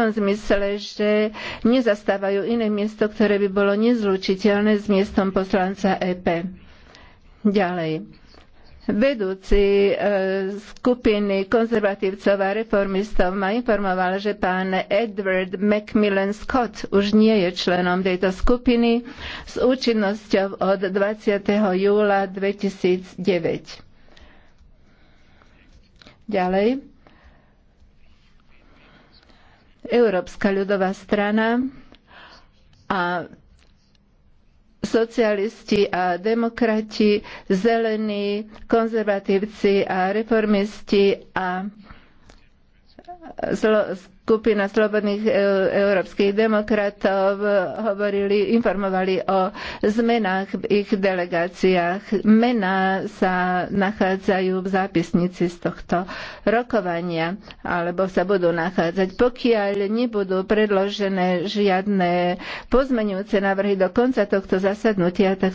tom zmysle, že nezastávajú iné miesto, ktoré by bolo nezlučiteľné s miestom poslanca EP. Ďalej vedúci e, skupiny konzervatívcov a reformistov ma informoval, že pán Edward Macmillan Scott už nie je členom tejto skupiny s účinnosťou od 20. júla 2009. Ďalej. Európska ľudová strana a socialisti a demokrati, zelení, konzervatívci a reformisti a skupina slobodných e, európskych demokratov hovorili, informovali o zmenách v ich delegáciách. Mená sa nachádzajú v zápisnici z tohto rokovania, alebo sa budú nachádzať. Pokiaľ nebudú predložené žiadne pozmenujúce návrhy do konca tohto zasadnutia, tak